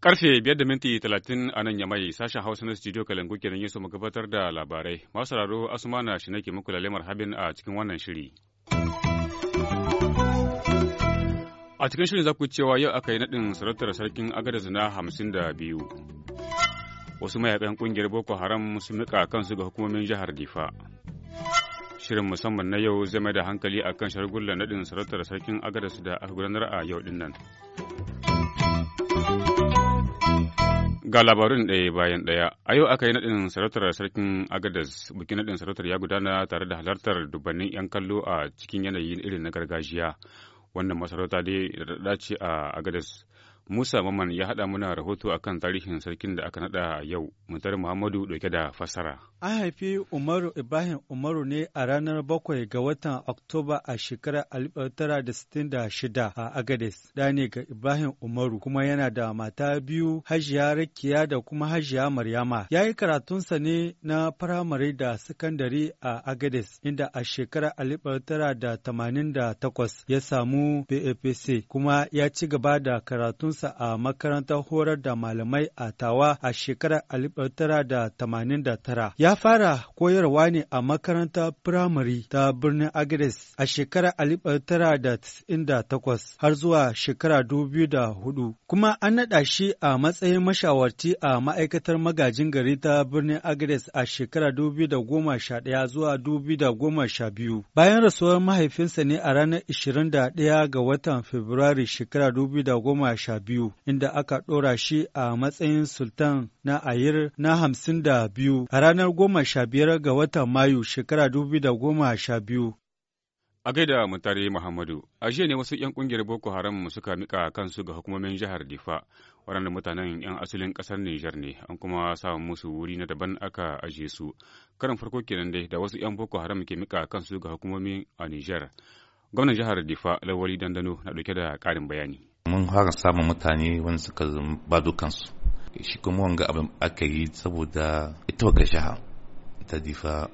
Karfe biyar da minti talatin a nan yamai sashen Hausa na studio Kalangu kenan ya mu gabatar da labarai. Masu raro Asumana shi nake muku lalemar habin a cikin wannan shiri. A cikin shirin za ku cewa yau aka yi naɗin sarautar sarkin agada zina hamsin da biyu. wasu mayakan kungiyar boko haram sun mika kansu ga hukumomin jihar difa shirin musamman na yau zai mai da hankali a kan shargullar naɗin sarautar sarkin agadas da aka gudanar a yau din nan ga labarin ɗaya bayan ɗaya a yau aka yi naɗin sarautar sarkin agadas bikin naɗin sarautar ya gudana tare da halartar dubannin 'yan kallo a cikin yanayi irin na gargajiya wannan masarauta dai da ce a agadas Musa Maman ya haɗa muna rahoto a kan tarihin sarkin da aka naɗa yau, Mutar Muhammadu ɗauke da fasara. An haifi Umaru Ibrahim Umaru ne a ranar bakwai ga watan Oktoba a shekarar 1966 a Agades, da ne ga Ibrahim Umaru kuma yana da mata biyu Hajiya Rakiya da kuma Hajiya Maryama. Ya yi karatunsa ne na firamare da sakandare a Agades, inda a shekarar 1988 ya samu BAPC kuma ya ci gaba da karatunsa aikinsa a makarantar horar da malamai a Tawa a shekarar 1989. Ya fara koyarwa ne a makarantar firamare ta birnin Agres a shekarar 1998 har zuwa shekara 2004. Kuma an naɗa shi a matsayin mashawarci a ma'aikatar magajin gari ta birnin Agres a shekara 2011 zuwa 2012. Bayan rasuwar mahaifinsa ne a ranar 21 ga watan Fabrairu shekara 2012 biyu, inda aka ɗora shi a matsayin sultan na Ayir na hamsin da biyu a ranar goma sha biyar ga watan Mayu shekara dubu da goma sha biyu. A gaida Mutare Muhammadu, a jiya ne wasu 'yan kungiyar Boko Haram suka mika kansu ga hukumomin jihar Difa, waɗanda mutanen 'yan asalin ƙasar Nijar ne, an kuma samu musu wuri na daban aka ajiye su. karin farko kenan dai da wasu 'yan Boko Haram ke mika kansu ga hukumomin a Nijar. Gwamnan jihar Difa, Lawali Dandano, na ɗauke da ƙarin bayani. mun fara samun mutane wani suka ba dukansu shi kuma wanga abin aka yi saboda ita wa shaha ta difa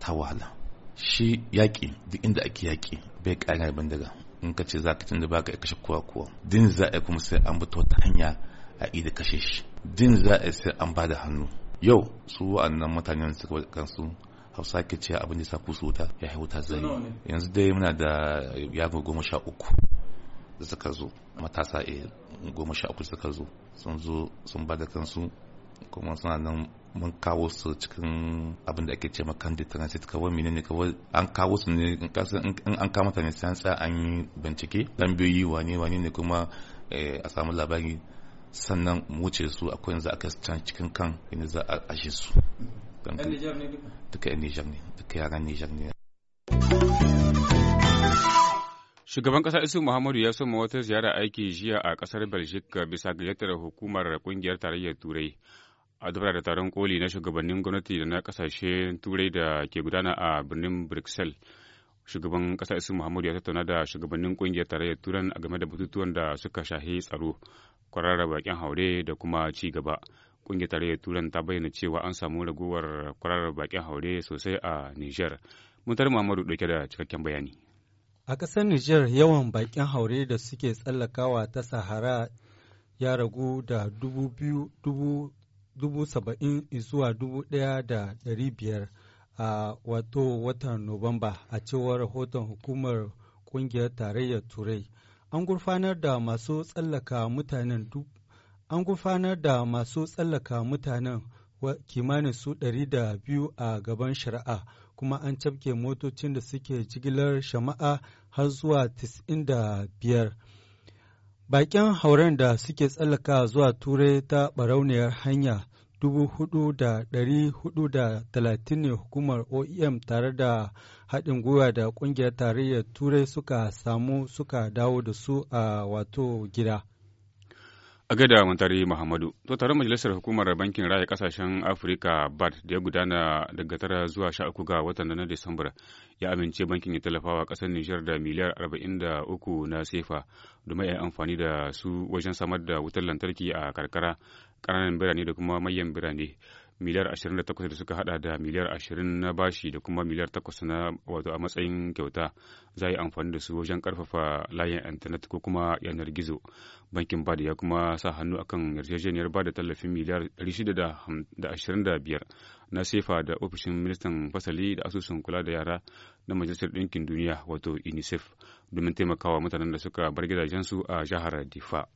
ta wahala shi yaƙi duk inda ake yaƙi bai ƙara daga in ka ce za ka tunda baka kashe kowa kowa din za a kuma sai an bata ta hanya a ida kashe shi din za a sai an bada hannu yau su wa'annan mutanen suka bada kansu hausa ke ce abin da sa ku su wuta ya haihuta zai yanzu dai muna da yago goma sha uku da suka zo matasa a eh, goma sha uku suka zo sun zo sun ba da kansu kuma suna nan mun kawo su cikin abin da ake ce makan da transit kawai ne kawai an kawo su ne in an kama ta ne sai sa an yi bincike biyu wane wane ne kuma eh, a samu labari sannan wuce su akwai yanzu aka can cikin kan yanzu za a ashe su duka yan nijar ne duka yaran nijar ne Shugaban ƙasar Isu Muhammadu ya soma wata ziyara aiki jiya a ƙasar Belgique bisa gayyatar hukumar ƙungiyar tarayyar Turai. A dabara da taron koli na shugabannin gwamnati da na ƙasashen Turai da ke gudana a birnin Bruxelles. Shugaban ƙasar Isu Muhammadu ya tattauna da shugabannin ƙungiyar tarayyar turai a game da batutuwan da suka shahi tsaro, kwararra bakin haure da kuma ci gaba. Ƙungiyar tarayyar turai ta bayyana cewa an samu ragowar kwararra bakin haure sosai a Nijar. Muntar Muhammadu ɗauke da cikakken bayani. A ƙasar Nijar yawan baƙin haure da suke tsallakawa ta Sahara ya ragu da dubu saba'in zuwa dubu da ɗari a wato watan Nuwamba a cewar rahoton hukumar ƙungiyar tarayyar Turai. An gurfanar da masu tsallaka mutanen an gurfanar da masu tsallaka mutanen kimanin su ɗari da biyu a gaban shari'a kuma an cafke motocin da suke jigilar shama'a har zuwa tis'in da biyar. Bakin hauren da suke tsallaka zuwa turai ta barauniyar hanya dubu hudu hudu da talatin ne hukumar OEM tare da haɗin gwiwa da ƙungiyar tarayyar turai suka samu suka dawo da su a wato gida. a gaida mantari muhammadu to taron majalisar hukumar bankin raya kasashen afirka bad da ya gudana daga tara zuwa sha uku ga watan na disambar ya amince bankin ya tallafawa kasar nijar da miliyar arba'in da uku na sefa domin ya amfani da su wajen samar da wutar lantarki a karkara ƙananan birane da kuma manyan birane miliyar 28 da suka hada da miliyar 20 na bashi da kuma miliyar 8 na wato a matsayin kyauta za yi amfani da su wajen karfafa layin intanet ko kuma yanar gizo bankin bada ya kuma sa hannu akan yarjejeniyar bada tallafin miliyar 625 na sefa da ofishin ministan fasali da asusun kula da yara na majalisar ɗinkin duniya wato unicef domin taimakawa mutanen da suka bar gidajensu a jihar difa.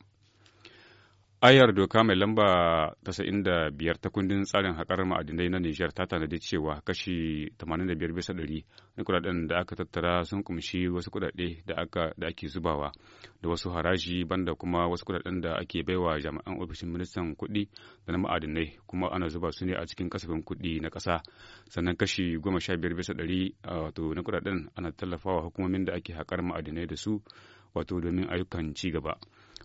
Ayar doka mai lamba biyar ta kundin tsarin haƙar ma'adinai na Nijar ta tanadi cewa kashi 85 na kudaden da aka tattara sun kumshi wasu kudade da ake zubawa da wasu haraji banda kuma wasu kudaden da ake baiwa jami'an ofishin ministan kuɗi da na ma'adinai kuma ana zuba su ne a cikin kasafin kuɗi na kasa sannan kashi 15 bisa ɗari wato na kudaden ana tallafawa hukumomin da ake haƙar ma'adinai da su wato domin ayyukan ci gaba.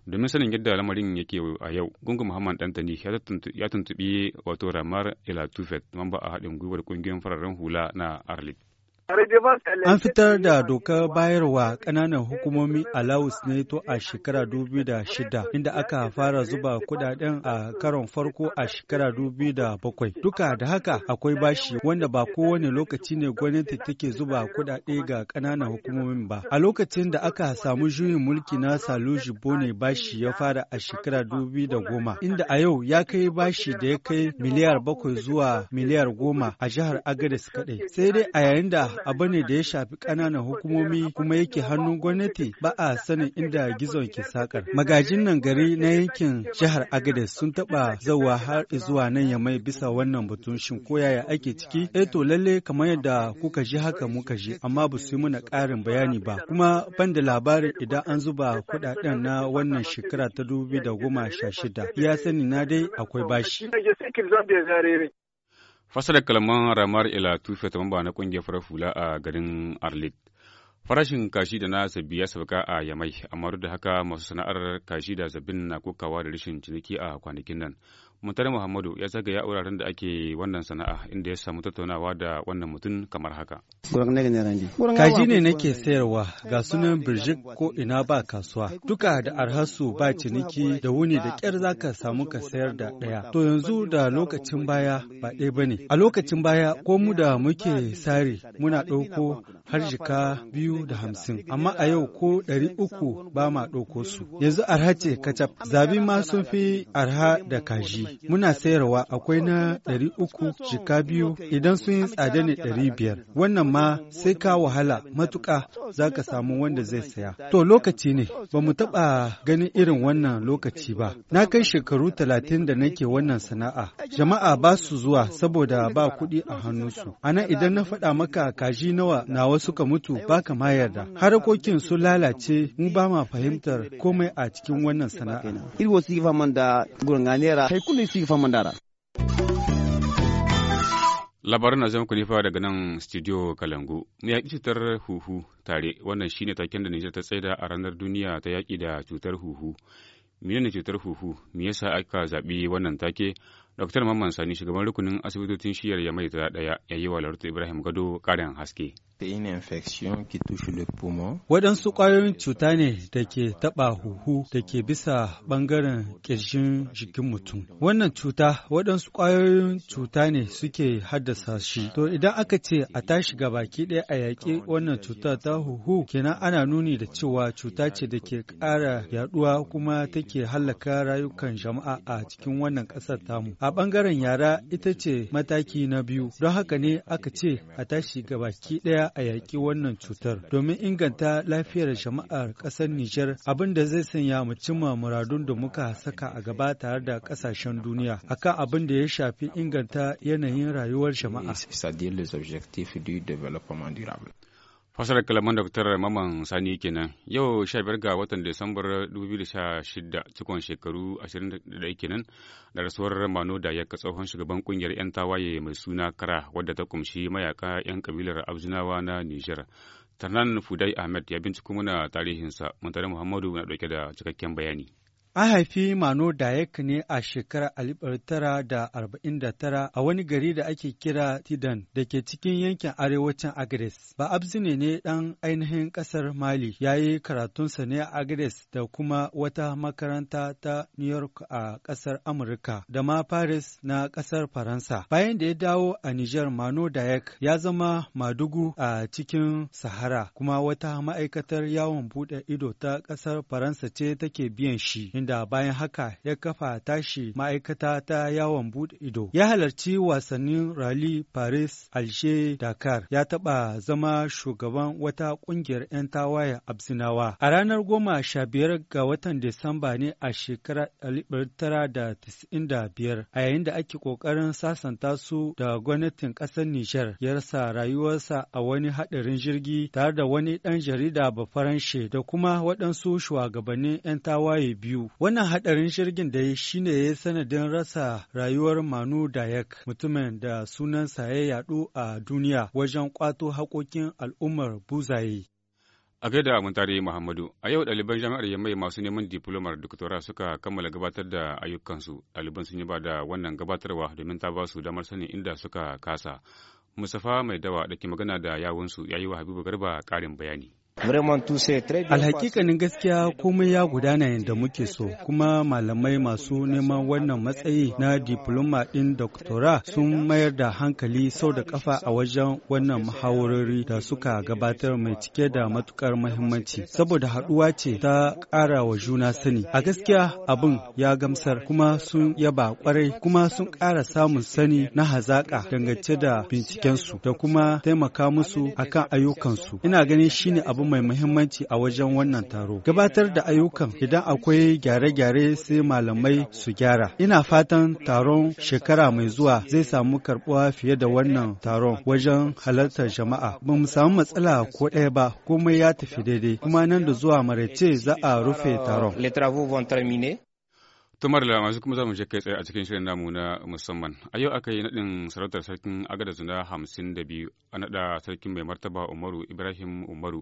domin sanin yadda lamarin yake a yau gungun muhammad dantani ya tuntubi wato ramar elatufet mamba a haɗin gwiwar ƙungiyar fararen hula na arlit An fitar da dokar bayarwa ƙananan hukumomi Laos ne to a shekara da shida, inda aka fara zuba kudaden a karon farko a shekara bakwai. Duka da haka akwai bashi wanda ba kowane lokaci ne gwamnati take zuba kudade ga ƙananan hukumomin ba. A lokacin da aka samu juyin mulki na Saluji Bone bashi ya fara a shekara da goma, inda a yau ya kai bashi da ya kai miliyar bakwai zuwa miliyar goma a jihar Agadez kaɗai. Sai dai a yayin da abu ne da ya shafi ƙananan hukumomi kuma yake hannun gwamnati ba a sanin inda gizon ke sakar. Magajin nan gari na yankin jihar Agadez sun taɓa zauwa har zuwa nan ya mai bisa wannan batun shin ko yaya ake ciki? Eh to lalle kamar yadda kuka ji haka muka ji amma ba su yi mana ƙarin bayani ba. Kuma ban da labarin idan an zuba kuɗaɗen na wannan shekara ta dubu da goma sha shida. Ya sani na dai akwai bashi. fasara kalman Ramar Ila Tufe mamba na kungiyar farar hula a garin Arlit. Farashin kashi da na zabi ya sauka a Yamai, amma duk da haka masu sana'ar kashi da zabin na kokawa da rashin ciniki a kwanakin nan. Mutar Muhammadu ya zagaya wuraren da ake wannan sana'a inda ya samu tattaunawa da wannan mutum kamar haka. Kaji ne nake sayarwa ga sunan Birjik ko ina ba kasuwa. Duka da arhasu ba ciniki da wuni da kyar za ka samu ka sayar da ɗaya. To yanzu da lokacin baya ba ɗaya ba ne. A lokacin baya ko mu da muke sari muna ɗauko har jika biyu da hamsin. Amma a yau ko ɗari uku ba ma ɗauko su. Yanzu arha ce kacaf. Zabi ma sun fi arha da kaji. muna sayarwa akwai na ɗari uku jika biyu idan sun yi tsada ne ɗari biyar wannan ma sai ka wahala matuƙa za ka samu wanda zai saya to lokaci ne ba mu taɓa ganin irin wannan lokaci ba na kai shekaru talatin da nake wannan sana'a jama'a ba su zuwa saboda ba kuɗi a hannunsu ana idan na faɗa maka kaji nawa nawa suka mutu ba ka ma yarda harkokin sun lalace mu ba ma fahimtar komai a cikin wannan sana'a. sai su fa dara. labarin na zama kulifa daga nan studio kalangu ya yaƙi cutar huhu tare wannan shi ne taken da nijar ta tsaida a ranar duniya ta yaƙi da cutar huhu ne cutar huhu me yasa aka zaɓi wannan take Dr. Mamman Sani shugaban rukunin asibitocin shiyar ya mai ta daya ya yi wa Ibrahim Gado karin haske. Waɗansu ƙwayoyin cuta ne da ke taɓa huhu da ke bisa ɓangaren ƙirjin jikin mutum. Wannan cuta waɗansu ƙwayoyin cuta ne suke haddasa shi. To idan aka ce a tashi ga baki ɗaya a yaƙi wannan cuta ta huhu kenan ana nuni da cewa cuta ce da ke ƙara yaɗuwa kuma take hallaka rayukan jama'a a cikin wannan ƙasar tamu. A ɓangaren yara ita ce mataki na biyu, don haka ne aka ce a tashi gabaki ɗaya a yaƙi wannan cutar domin inganta lafiyar jama'ar ƙasar Nijar abinda zai sanya mu cimma muradun da muka saka a gaba tare da ƙasashen duniya akan abin da ya shafi inganta yanayin rayuwar jama'a. Fasarar kalaman Dr. Maman Sani kenan yau biyar ga watan Disambar 2016 cikon shekaru 21 kenan da rasuwar Mano da ya tsohon shugaban kungiyar 'yan tawaye mai suna Kara wadda ta kumshi mayaka 'yan kabilar Abzinawa na Nijar. Tarnan Fudai Ahmed ya binciko muna tarihinsa, Muntare Muhammadu na dauke da cikakken bayani. An haifi Mano Dayek ne a shekarar 1949 a wani gari da ake kira Tidan da ke cikin yankin arewacin Agres. Ba abzine ne ɗan ainihin ƙasar Mali ya yi karatunsa ne a Agres da kuma wata makaranta ta New York a ƙasar Amurka da ma Paris na ƙasar Faransa. Bayan da ya dawo a Nijar Mano Dayek ya zama madugu a cikin Sahara kuma wata ma'aikatar yawon buɗe ido ta ƙasar Faransa ce take biyan shi. da bayan haka ya kafa tashi ma'aikata ta yawon buɗe ido. Ya halarci wasannin Rally Paris, Alger, Dakar, ya taɓa zama shugaban wata ƙungiyar 'yan tawaye Absinawa. A ranar goma sha biyar ga watan Disamba ne a shekarar tara da tis'in biyar, a yayin da ake ƙoƙarin sasanta su da gwamnatin ƙasar Nijar, ya rasa rayuwarsa a wani haɗarin jirgi tare da wani ɗan jarida ba faranshe da kuma waɗansu shugabannin 'yan tawaye biyu. Wannan hadarin shirgin da ya shi ne ya sanadin rasa rayuwar Manu Dayak mutumin da sunansa ya yadu a duniya wajen ƙwato haƙoƙin al'ummar buzaye. A gaida Muntari Muhammadu, a yau ɗaliban jami'ar Yamai masu neman diplomar doktora suka kammala gabatar da ayyukansu. Ɗaliban sun yi ba da wannan gabatarwa domin ta ba su damar sanin inda suka kasa. Musafa mai dawa da ke magana da yawunsu ya yi wa Habibu Garba karin bayani. Alhakikanin gaskiya komai ya gudana yadda muke so, kuma malamai masu neman wannan matsayi na diploma ɗin doktora sun mayar da hankali sau da ƙafa a wajen wannan muhawarori da suka gabatar mai cike da matukar mahimmanci. Saboda haɗuwa ce ta ƙara wa juna sani. A gaskiya abin ya gamsar kuma sun yaba kwarai kuma sun ƙara samun sani na hazaƙa dangance da bincikensu da kuma taimaka musu akan ayyukansu. Ina ganin shine abin abu mai muhimmanci a wajen wannan taro. Gabatar da ayyukan idan akwai gyare-gyare sai malamai su gyara. Ina fatan taron shekara mai zuwa zai samu karbuwa fiye da wannan taron wajen halartar jama'a. Ba mu samu matsala ko ɗaya ba, komai ya tafi daidai. Kuma nan da zuwa maraice za a rufe taron. tumar da masu kuma za mu je kai tsaye a cikin shirin namu na musamman a yau aka yi naɗin sarautar sarkin agada zina hamsin da biyu a naɗa sarkin mai martaba umaru ibrahim umaru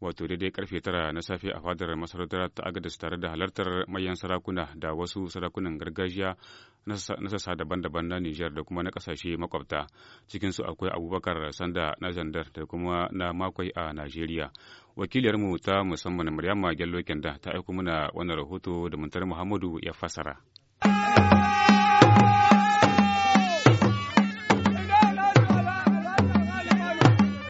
wato daidai karfe tara na safe a fadar masarautar ta agadas tare da halartar mayan sarakuna da wasu sarakunan gargajiya na sassa daban-daban na Nijar da kuma na kasashe makwabta cikinsu akwai abubakar sanda na zandar da kuma na makwai a Najeriya. Wakiliyarmu ta musamman Maryama Gello Kenda ta aiko mana wannan rahoto da Muntar Muhammadu ya fasara.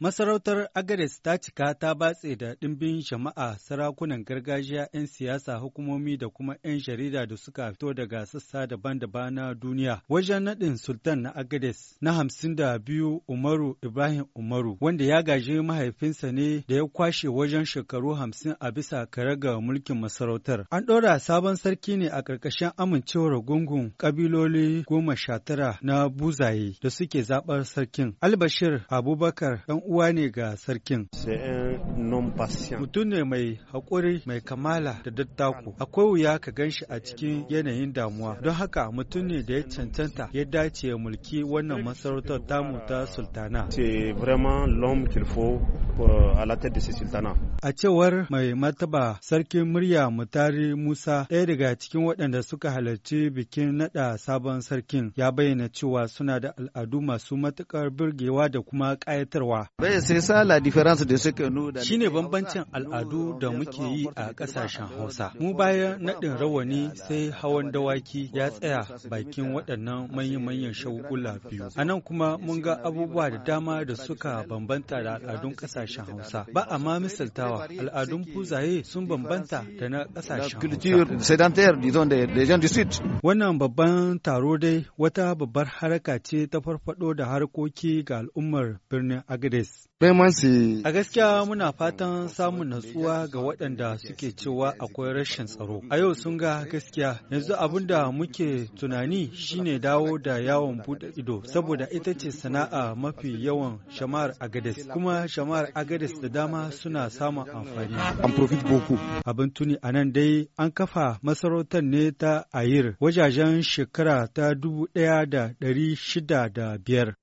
Masarautar Agades ta cika ta batse da ɗimbin jama'a sarakunan gargajiya 'yan siyasa hukumomi da kuma 'yan jarida da suka fito daga sassa daban-daban na duniya. Wajen naɗin Sultan na Agades na hamsin da biyu Umaru Ibrahim Umaru wanda ya gaji mahaifinsa ne da ya kwashe wajen shekaru hamsin a bisa kare ga mulkin masarautar. An ɗora sabon sarki ne a ƙarƙashin amincewar gungun ƙabiloli goma sha tara na buzaye da suke zaɓar sarkin. Albashir Abubakar ɗan uwa ne ga sarkin. Mutum ne mai haƙuri mai kamala da dattako. Akwai wuya ka gan shi a cikin yanayin damuwa. Don haka mutum ne da ya cancanta ya dace ya mulki wannan masarautar tamu ta sultana. A cewar mai mataba sarkin murya Mutari Musa ɗaya daga cikin waɗanda suka halarci bikin naɗa sabon sarkin ya bayyana cewa suna da al'adu masu matuƙar birgewa da kuma ƙayatarwa. Shi ne bambancin al'adu da muke yi a ƙasashen Hausa. Mu bayan naɗin rawani sai hawan dawaki ya tsaya bakin waɗannan manyan-manyan shagulgula biyu. A nan kuma mun ga abubuwa da dama da suka bambanta da al'adun ƙasashen kasashen Hausa. Ba a ma misaltawa al'adun kuzaye sun bambanta da na kasashen Hausa. Wannan babban taro dai wata babbar haraka ce ta farfado da harkoki ga al'ummar birnin Agades. A gaskiya muna fatan samun natsuwa ga waɗanda suke cewa akwai rashin tsaro. A yau sun ga gaskiya yanzu abin da muke tunani shine dawo da yawon buɗe ido saboda ita ce sana'a mafi yawan shamar Agades kuma shamar Agadis da dama suna samun amfani. An Abin tuni a nan dai an kafa masarautar ne ta Ayir wajajen shekara ta dubu ɗaya da ɗari shida da biyar.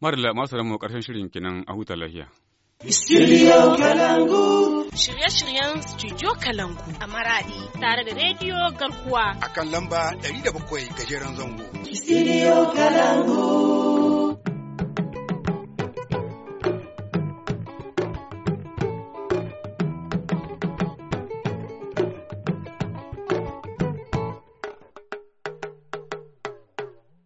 Marla masu ramu ƙarshen shirin kenan a huta lahiya. Studio Kalangu. Shirye-shiryen Studio Kalangu a Maradi tare da Radio Garkuwa. A kan lamba 107 gajeren zango. Studio Kalangu.